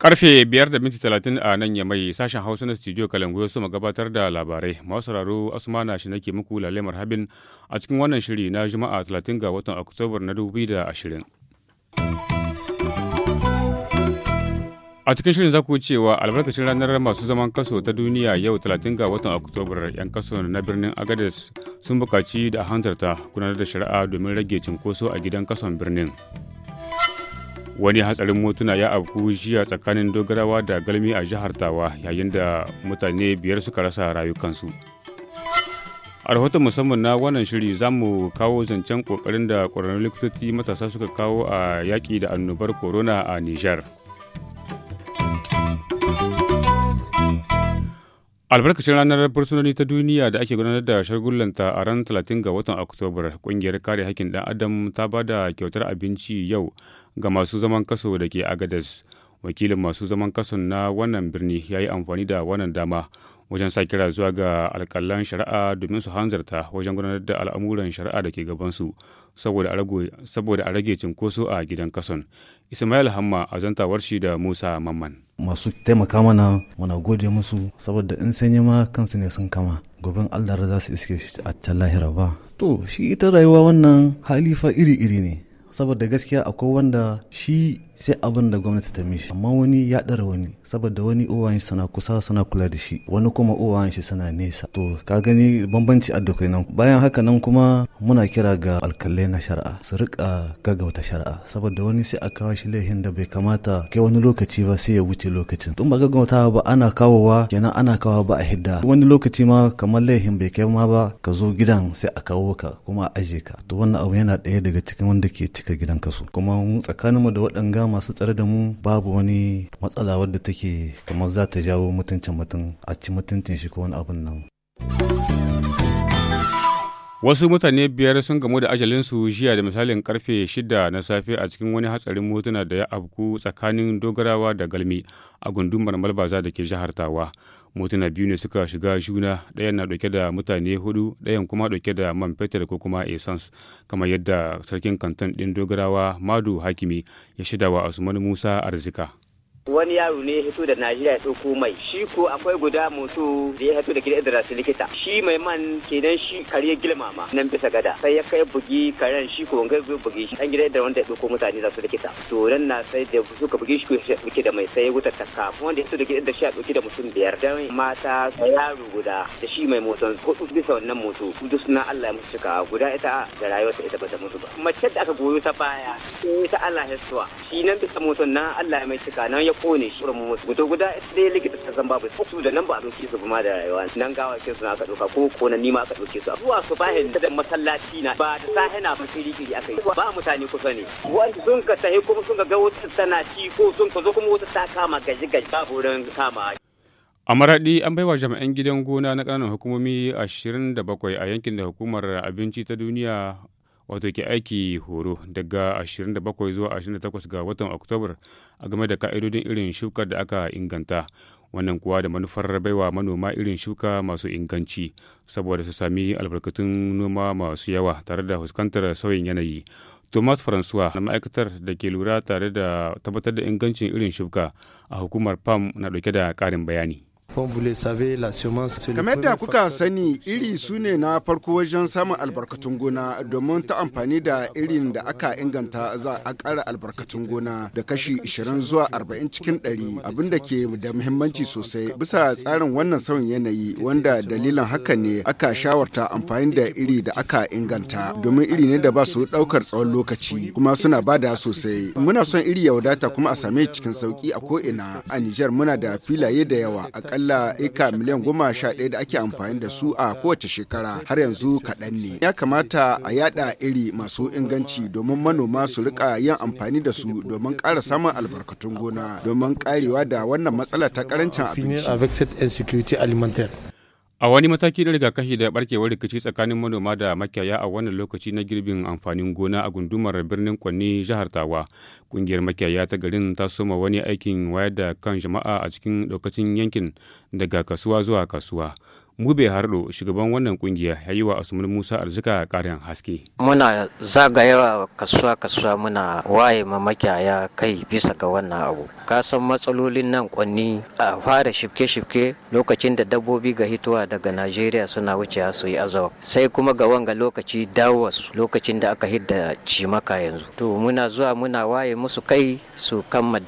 Karfe biyar da minti talatin a nan ya mai sashen Hausa na studio Kalangu ya soma gabatar da labarai. Masu sauraro Asmana shi nake muku lalle marhabin a cikin wannan shiri na Juma'a talatin ga watan Oktobar na dubu da ashirin. A cikin shirin za ku cewa albarkacin ranar masu zaman kaso ta duniya yau 30 ga watan Oktobar 'yan kaso na birnin Agadez sun bukaci da hanzarta gudanar da shari'a domin rage cinkoso a gidan kason birnin. Wani hatsarin motuna ya abu jiya tsakanin dogarawa da galmi a jihar Tawa yayin da mutane biyar suka rasa rayukansu. a rahoton musamman na wannan shiri za mu kawo zancen kokarin da ƙwararrun likitoci matasa suka kawo a yaƙi da annobar corona a nijar albarkacin ranar fursunoni ta duniya da ake gudanar da shargullanta a ran 30 ga watan oktobar kungiyar kare hakkin ɗan adam ta ba da kyautar abinci yau ga masu zaman kaso da ke agadas wakilin masu zaman kason na wannan birni ya yi amfani da wannan dama wajen sa kira zuwa ga alƙalan shari'a domin su hanzarta wajen gudanar da al'amuran shari'a da ke gabansu saboda a rage cinkoso a gidan kason ismail hamma a zantawar shi da musa mamman masu taimaka mana muna gode musu saboda in sanya ma kansu ne sun kama gobin allah za su iske shi a can lahira ba to shi ita rayuwa wannan halifa iri-iri ne saboda gaskiya akwai wanda shi sai abin da gwamnati ta mishi amma wani ya ɗara wani saboda wani uwayen suna kusa suna kula da shi wani kuma uwayen shi suna nesa to ka gani bambanci dokai nan bayan haka nan kuma muna kira ga alkalai na shari'a su rika gaggauta shari'a saboda wani sai a kawo shi laihin da bai kamata kai wani lokaci ba sai ya wuce lokacin tun ba a ba ana kawowa kenan ana kawo ba a hidda wani lokaci ma kamar laihin bai kai ma ba ka zo gidan sai a kawo ka kuma a aje ka to wannan abu yana ɗaya daga cikin wanda ke cikin cika gidan kasu kuma mu tsakanin mu da waɗanga masu tsare da mu babu wani matsala wadda take kamar za ta jawo mutuncin mutum a ci mutuncin shi ko wani abun nan. Wasu mutane biyar sun gamu da ajalinsu jiya da misalin karfe shida na safe a cikin wani hatsarin motuna da ya afku tsakanin dogarawa da galmi a gundumar malbaza da ke jihar Tawa. Motuna biyu ne suka shiga juna ɗayan na ɗauke da mutane hudu ɗayan kuma ɗauke da man fetur ko kuma esans kamar yadda sarkin kanton ɗin dogarawa Madu Hakimi ya shidawa Usman Musa Arzika. wani yaro ne ya hito da najeriya ya ɗauko mai shi ko akwai guda mutu da ya hito da gidan rasu likita shi mai man kenan shi kare gilmama nan bisa gada sai ya kai bugi karen shi ko wanga zo bugi shi dan gidan da wanda ya ɗauko mutane da su likita to nan na sai da suka bugi shi ko ya ɗauke da mai sai ya wuta takka wanda ya hito da gidan shi ya ɗauke da mutum biyar dan mata yaro guda da shi mai motan hudu bisa wannan moto duk suna Allah ya musu cika guda ita da rayuwarsa ita bata mutu ba mace da aka goyo ta baya sai ta Allah ya suwa shi nan bisa motan nan Allah ya mai cika nan ya kone shi mu musu guda guda ya likita ta zamba babu su da nan ba a doke su ma da rayuwa nan gawa su suna aka ɗauka ko ko nan nima aka ɗauke su zuwa su bahin da masallaci na ba da sahe na fasiri kiri aka yi ba mutane kusa ne wani sun ka tahi kuma sun ga wata tana ci ko sun ka zo kuma wata ta kama gaji gaji ba wurin kama a maraɗi an baiwa jami'an gidan gona na ƙananan hukumomi 27 a yankin da hukumar abinci ta duniya wato ke aiki horo daga 27 zuwa 28 ga watan oktobar a game da ka'idodin irin shukar da aka inganta wannan kuwa da manufar baiwa manoma irin shuka masu inganci saboda su sami albarkatun noma masu yawa tare da fuskantar sauyin yanayi thomas francois na ma'aikatar da ke lura tare da tabbatar da ingancin irin shuka a hukumar pam na dauke da karin bayani Kamar kuka sani iri su ne na farko wajen samun albarkatun gona domin ta amfani da irin da aka inganta za a ƙara albarkatun gona da kashi 20 zuwa 40 cikin 100 abinda ke da muhimmanci sosai bisa tsarin wannan sauyin yanayi wanda dalilan haka ne aka shawarta amfani da iri da aka inganta domin iri ne da ba su ɗaukar tsawon lokaci kuma suna bada sosai. Muna son iri ya wadata kuma a same cikin sauki a ko'ina a Nijar muna da filaye da yawa a akalla eka miliyan goma sha ɗaya da ake amfani da su a kowace shekara har yanzu kaɗan ne. Ya kamata a yaɗa iri masu inganci domin manoma su rika yin amfani da su domin ƙara samun albarkatun gona domin ƙarewa da wannan matsala ta ƙarancin abinci. A wani mataki na rigakafi da barkewar rikici tsakanin manoma da makiyaya a wannan lokaci na girbin amfanin gona a gundumar birnin Kwanni jihar Tawa, kungiyar makiyaya ta garin ta soma wani aikin wayar da kan jama'a a cikin lokacin yankin daga kasuwa zuwa kasuwa. Mube Hardo shugaban wannan kungiya ya yi wa Usman Musa Arzika karin haske. Muna zagayewa kasuwa kasuwa muna waye ma ya kai bisa ga wannan abu. Ka san matsalolin nan kwanni a fara shifke-shifke lokacin da dabbobi ga hituwa daga Najeriya suna wucewa su yi azawa. Sai kuma ga wanga lokaci dawas lokacin da aka hidda cimaka yanzu. To muna zuwa muna waye musu kai su kama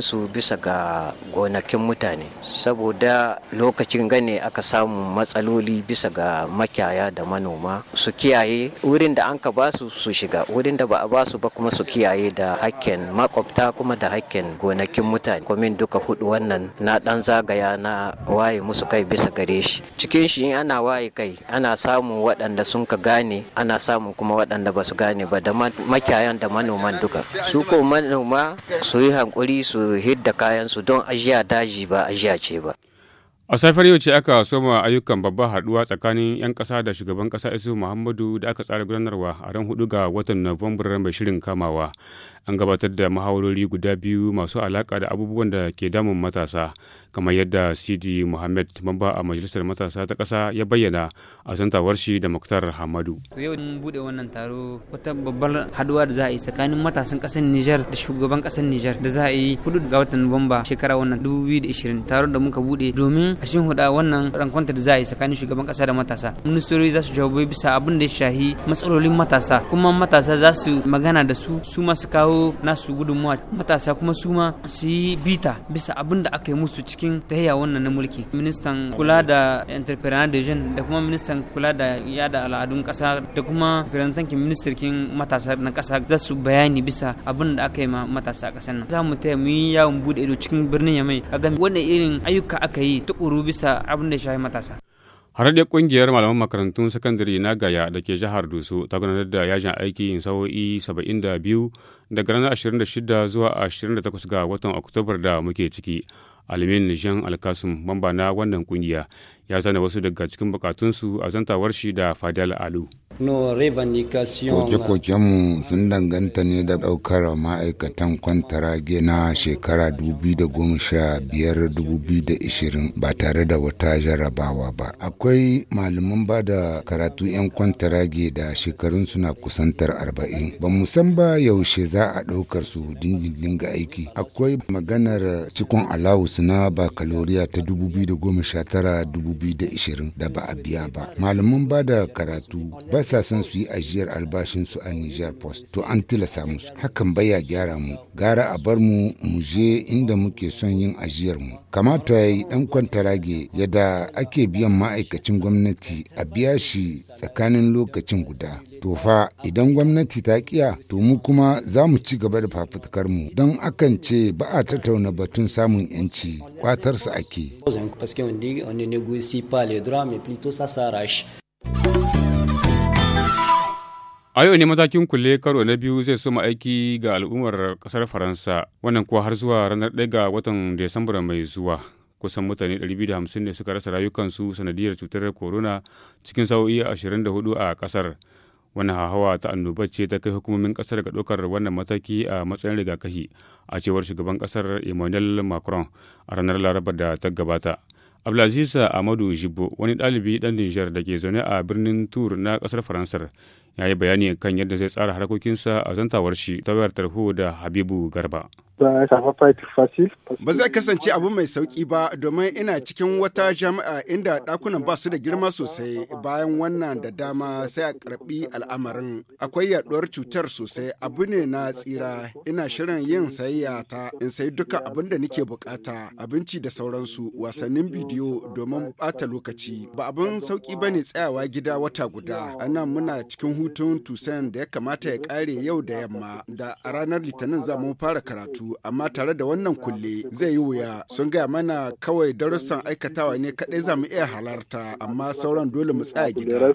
su bisa ga gonakin mutane. Saboda lokacin gane aka samu matsaloli bisa ga makiyaya da manoma su kiyaye wurin da an ka ba su su shiga wurin da ba a ba su ba kuma su kiyaye da hakken makwabta kuma da hakken gonakin mutane min duka hudu wannan na dan zagaya na waye musu kai bisa gare shi cikin shi ana waye kai ana samun waɗanda sun ka gane ana samu kuma waɗanda ba su gane ba da makiyayan da manoman duka su ko manoma su yi hankuri su hidda kayan su don ajiya daji ba ajiya ce ba A safiyar yau ce aka soma ayyukan babbar haduwa tsakanin 'yan kasa da shugaban kasa Isu Muhammadu da aka tsara gudanarwa a ran hudu ga watan Nuwambar mai shirin kamawa. An gabatar da mahawarori guda biyu masu alaka da abubuwan da ke damun matasa, kamar yadda Sidi Muhammad mamba a Majalisar Matasa ta kasa ya bayyana a santawar shi da Muktar Hamadu. Yau mun bude wannan taro wata babbar haduwa da za a yi tsakanin matasan kasar Nijar da shugaban kasar Nijar da za a yi hudu ga watan Nuwamba shekara wannan 2020 taron da muka bude domin a shin huda wannan rankwantar za a yi tsakanin shugaban kasa da matasa ministori za su jawabai bisa abin da ya shahi matsalolin matasa kuma matasa za su magana da su su ma su kawo nasu gudunmuwa matasa kuma su ma su yi bita bisa abin da aka yi musu cikin tahiya wannan na mulki ministan kula da entrepreneur de jeune da kuma ministan kula da yada al'adun kasa da kuma firantankin ministerkin matasa na kasa za su bayani bisa abin da aka yi ma matasa a kasan nan za mu taya mu yi yawon bude ido cikin birnin yamai a game wannan irin ayyuka aka yi uru bisa abin da shahi matasa haraɗe ƙungiyar malaman makarantun sakandare na gaya da ke jihar dusu ta gudanar da yajin aiki sa'o'i 72 daga ranar 26 zuwa 28 ga watan oktobar da muke ciki alimin nijan alkasum mamba na wannan ƙungiya ya zana wasu daga cikin bukatunsu a zantawar shi da fadal alu koke-kokenmu sun danganta ne da ɗaukar ma'aikatan kwantarage na shekara 2015-2020 ba tare da wata jarabawa ba akwai malaman ba da karatu 'yan kwantarage da shekarun suna kusantar 40 ba san ba yaushe za a ɗaukar su dindindin ga aiki akwai maganar cikon alawus na bakaloriya ta 2019 2020 da ba a biya ba. Malaman ba da karatu ba sa son su yi ajiyar albashinsu a Niger Post, to an tilasa musu. Hakan ya gyara mu, gara a bar mu mu je inda muke son yin ajiyar mu. Kamata ya yi ɗan kwantarage yadda ake biyan ma'aikacin gwamnati a biya shi tsakanin lokacin guda. to fa idan gwamnati ta kiya to mu kuma za mu ci gaba da fafutukar mu don akan ce ba a tattauna batun samun yanci kwatarsa ake. A yau ne matakin kulle karo na biyu zai soma aiki ga al'ummar kasar Faransa, wannan kuwa har zuwa ranar 1 ga watan desambar mai zuwa. Kusan mutane 250 ne suka rasa rayukansu sanadiyar cutar corona cikin sa'o'i 24 a kasar. wani hawa ta annoba ce ta kai hukumomin kasar ga ɗaukar wannan mataki a matsayin rigakafi a cewar shugaban kasar emmanuel macron a ranar larabar da ta gabata abdulaziz ahmadu jibo wani ɗalibi ɗan nijar da ke zaune a birnin tur na ƙasar faransar ya yi bayani kan yadda zai tsara harkokinsa a zantawar shi ta wayar tarho da habibu garba ba zai kasance abu mai sauki ba domin ina cikin wata jami'a inda ɗakunan ba su da girma sosai bayan wannan da dama sai a karɓi al'amarin. Akwai Yaɗuwar cutar sosai abu ne na tsira ina shirin yin sayayya ta in sayi duka abin da nake bukata abinci da sauransu wasannin bidiyo domin bata lokaci. Ba abin sauki ba ne tsayawa gida wata guda. Anan muna cikin hutun Tusen da ya kamata ya ƙare yau da yamma da a ranar Litinin za fara karatu. su amma tare da wannan kulle zai yi wuya sun gaya mana kawai darussan aikatawa ne kadai za mu iya halarta amma sauran dole mu tsaya gida.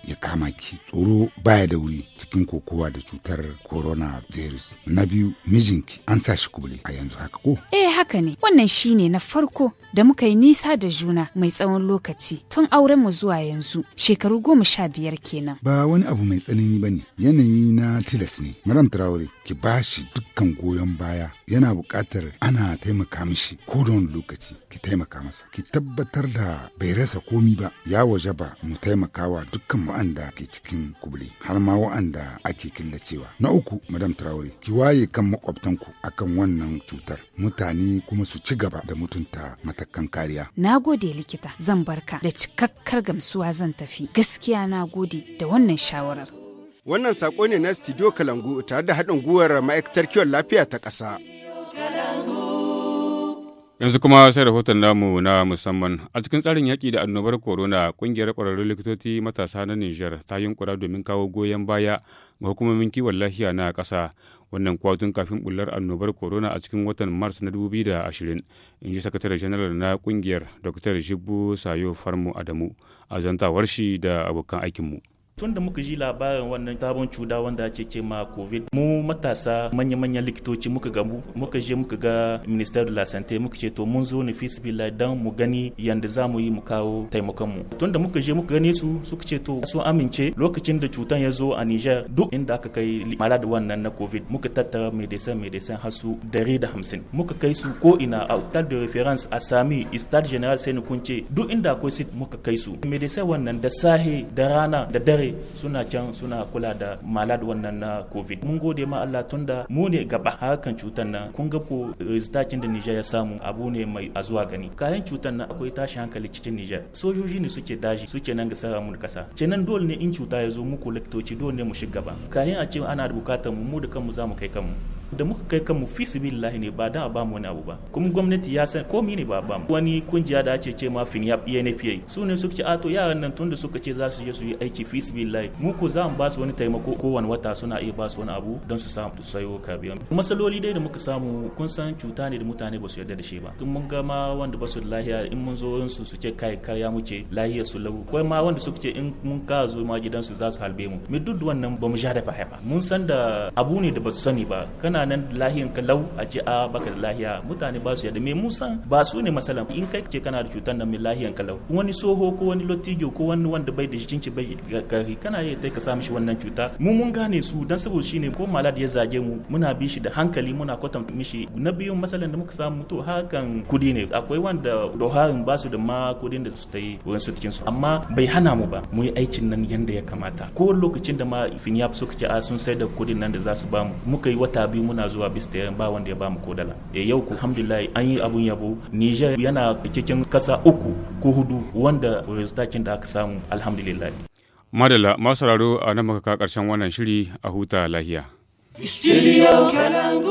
ya kama ki tsoro baya da wuri cikin kokowa da cutar coronavirus na biyu mijinki an sa shi kubule a yanzu haka ko eh haka ne wannan shine na farko da muka yi nisa da juna mai tsawon lokaci tun auren mu zuwa yanzu shekaru goma sha biyar kenan ba wani abu mai tsanani ba ne yanayi na tilas ne madam traore ki ba shi dukkan goyon baya yana buƙatar ana taimaka mishi ko da wani lokaci ki taimaka masa ki tabbatar da bai rasa komi ba ya waje ba mu taimakawa dukkan wa'anda ke cikin kubule har ma wa'anda ake killacewa. Na uku Madam Traore ki waye kan makwabtanku akan wannan cutar mutane kuma su ci gaba da mutunta matakan kariya. Na gode likita zan barka da cikakkar gamsuwa zan tafi gaskiya na gode da wannan shawarar. Wannan saƙo ne na Studio Kalangu tare da haɗin gwiwar ma'aikatar kiwon lafiya ta ƙasa. Yanzu kuma sai rahoton namu na musamman a cikin tsarin yaƙi da annobar corona ƙungiyar ƙwararrun likitoci matasa na niger ta yunkura domin kawo goyon baya ga hukumomin kiwon lafiya na ƙasa wannan kuwa tun kafin bullar annobar corona a cikin watan Mars na 2020 in ji sakatare janar na ƙungiyar Dr. Shibu Sayo Farmo Adamu a zantawar shi da abokan aikinmu. tun da muka ji labarin wannan sabon cuda wanda ake ce ma covid mu matasa manya-manyan likitoci muka ga muka je muka ga minister de la santé muka ce to mun zo ne fisibila dan mu gani yanda za mu yi mu kawo taimakon mu tun da muka je muka gane su suka ce to sun amince lokacin da cutan ya zo a Niger duk inda aka kai malad wannan na covid muka tattara medecin medecin har su 150 muka kai su ko ina a hotel de reference a sami stade general sai kunce duk inda akwai sit muka kai su medecin wannan da sahe da rana da dare rai suna can suna kula da malad wannan na covid mun gode ma Allah tunda mu ne gaba hakan cutar nan kun ga ko rizitacin da Niger ya samu abu ne mai a zuwa gani kayan cutar nan akwai tashi hankali cikin Niger sojoji ne suke daji suke nan ga sara mu kasa kenan dole ne in cuta ya zo mu kolektoci dole ne mu shiga gaba kayan a ce ana da bukatar mu mu da kanmu za mu kai kanmu da muka kai kanmu fi sibillahi ne ba dan a bamu wani abu ba kuma gwamnati ya san komi ne ba bamu wani kungiya da ake ce ma ne fiye. su ne suka ce ato yaran nan tun da suka ce za su je su yi aiki fi sibillahi mu ko za mu ba su wani taimako wani wata suna iya ba su wani abu don su samu su sayo kabiyan masaloli dai da muka samu kun san cuta ne da mutane ba su yarda da shi ba kun mun ga ma wanda ba su da lahiya in mun zo su su ce kai kaya muke lahiya su lau kai ma wanda suka ce in mun ka zo ma gidansu za su halbe mu mu duk wannan ba mu ja da fahima mun san da abu ne da ba su sani ba kana mutanen lahiyan ka lau a ce a ah, baka da lahiya mutane ba su yadda me musan ba su ne masalan in kai ce kana da cutar nan me lahiyan ka lau wani soho ko wani lotijo ko wani wanda bai da jikin bai gari kana yi ta ka sa mishi wannan cuta mu mun gane su dan saboda shine ko malad ya zage mu muna bi shi da hankali muna kwatanta mishi na biyun masalan da muka samu to hakan kudi ne akwai wanda doharin ba su da ma kudin da su ta yi wurin su cikin su amma bai hana mu ba mu yi aikin nan yanda ya kamata ko lokacin da ma fin ya suka ce a ah, sun sai da kudin nan da za su ba mu muka yi wata biyu muna zuwa bis ta ba wanda ya bamu ko dala e yau alhamdulillah an yi abun yabo Niger yana cikin kasa uku ko hudu wanda resultakin da aka samu alhamdulillah madalla masu a nan muka karshen wannan shiri a huta lahiya Studio Kalangu.